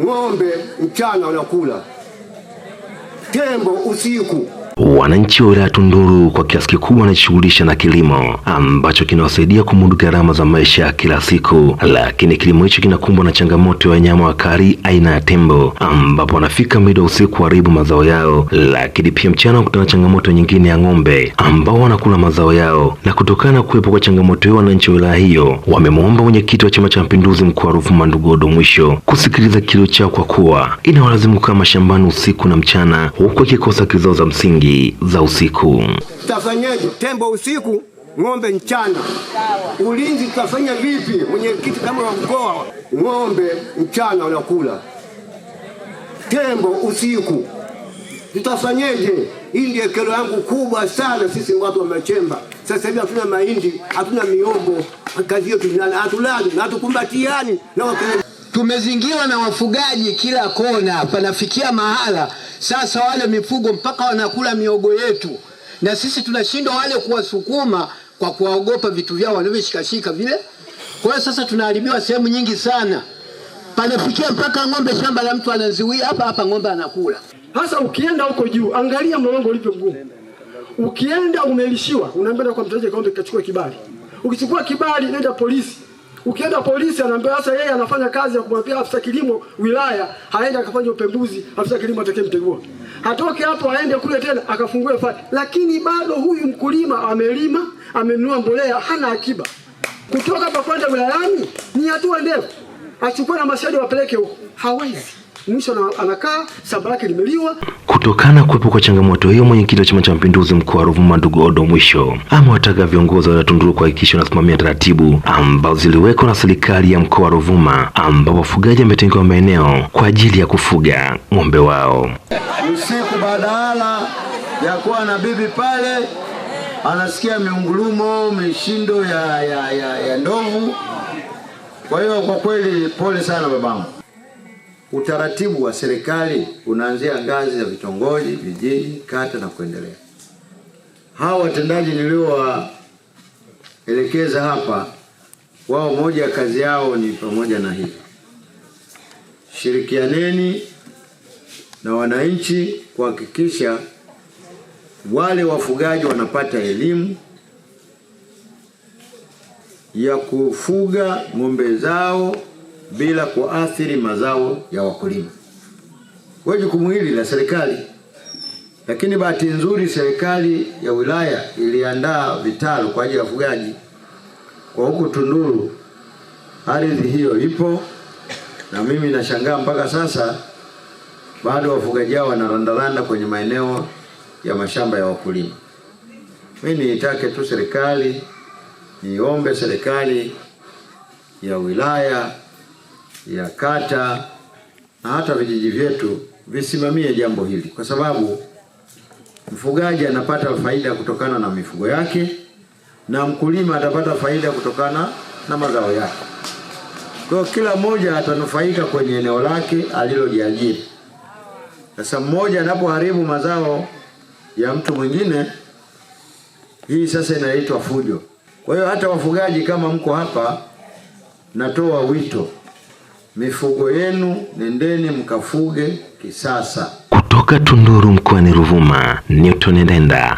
Ng'ombe mchana unakula tembo usiku. Wananchi wa wilaya Tunduru kwa kiasi kikubwa wanajishughulisha na kilimo ambacho kinawasaidia kumudu gharama za maisha ya kila siku, lakini kilimo hicho kinakumbwa na changamoto ya wanyama wakali aina ya tembo, ambapo wanafika mida usiku kuharibu mazao yao, lakini pia mchana kutana changamoto nyingine ya ng'ombe ambao wanakula mazao yao. Na kutokana na kuwepo kwa changamoto hiyo, wananchi wa wilaya hiyo wamemwomba mwenyekiti wa Chama cha Mapinduzi mkoa Rufuma Mandugodo Mwisho kusikiliza kilio chao kwa kuwa inawalazimu kukaa mashambani usiku na mchana, huku akikosa kizao za msingi za usiku. Tafanyaje Tembo usiku, ng'ombe mchana. Ulinzi tutafanya vipi? Mwenyekiti kama wa mkoa, ng'ombe mchana wanakula tembo usiku, tutafanyeje? Hii ndiyo kero yangu kubwa sana. Sisi watu wa Machemba sasa hivi hatuna mahindi, hatuna miombo, kazi yetu hatulali na hatukumbatiani na, na, na, tumezingirwa na wafugaji kila kona, panafikia mahala sasa wale mifugo mpaka wanakula miogo yetu, na sisi tunashindwa wale kuwasukuma kwa kuwaogopa vitu vyao wanavyoshikashika vile. Kwa hiyo sasa tunaharibiwa sehemu nyingi sana, panafikia mpaka ng'ombe shamba la mtu anaziwia hapa hapa, ng'ombe anakula. Hasa ukienda huko juu, angalia mlango ulivyo mgumu. Ukienda umelishiwa, unaambia kwa mtaje kaombe kachukua kibali, ukichukua kibali nenda polisi Ukienda polisi anaambia sasa yeye anafanya kazi ya kumwambia afisa kilimo wilaya aende akafanye upembuzi, afisa kilimo mtegua Atoke hapo aende kule tena akafungue faili. Lakini bado huyu mkulima amelima, amenunua mbolea, hana akiba. Kutoka hapa kwenda wilayani ni hatua ndefu. Achukue na mashahidi wapeleke huko. Hawezi mwisho anakaa shamba lake limeliwa. Kutokana kuwepo kwa changamoto hiyo, mwenyekiti wa Chama cha Mapinduzi mkoa wa Ruvuma ndugu Odo Mwisho amewataka viongozi wa Tunduru kuhakikisha wanasimamia taratibu ambazo ziliwekwa na serikali ya mkoa wa Ruvuma, ambapo wafugaji wametengewa maeneo kwa ajili ya kufuga ng'ombe wao usiku badala ya kuwa na bibi pale anasikia miungulumo mishindo ya, ya, ya, ya ndovu. Kwa hiyo kwa kweli pole sana babangu. Utaratibu wa serikali unaanzia ngazi za vitongoji, vijiji, kata na kuendelea. Hawa watendaji niliowaelekeza hapa, wao moja ya kazi yao ni pamoja na hii, shirikianeni na wananchi kuhakikisha wale wafugaji wanapata elimu ya kufuga ng'ombe zao bila kuathiri mazao ya wakulima. Kwa jukumu hili la serikali, lakini bahati nzuri serikali ya wilaya iliandaa vitalu kwa ajili ya ufugaji kwa huku Tunduru, ardhi hiyo ipo, na mimi nashangaa mpaka sasa bado wafugaji hao wanarandaranda kwenye maeneo ya mashamba ya wakulima. Mimi niitake tu serikali, niombe serikali ya wilaya ya kata na hata vijiji vyetu visimamie jambo hili, kwa sababu mfugaji anapata faida kutokana na mifugo yake na mkulima atapata faida kutokana na mazao yake. Kwa kila mmoja atanufaika kwenye eneo lake alilojiajiri. Sasa mmoja anapoharibu mazao ya mtu mwingine, hii sasa inaitwa fujo. Kwa hiyo hata wafugaji, kama mko hapa, natoa wito Mifugo yenu nendeni mkafuge kisasa. Kutoka Tunduru mkoani Ruvuma, Newton Ndenda.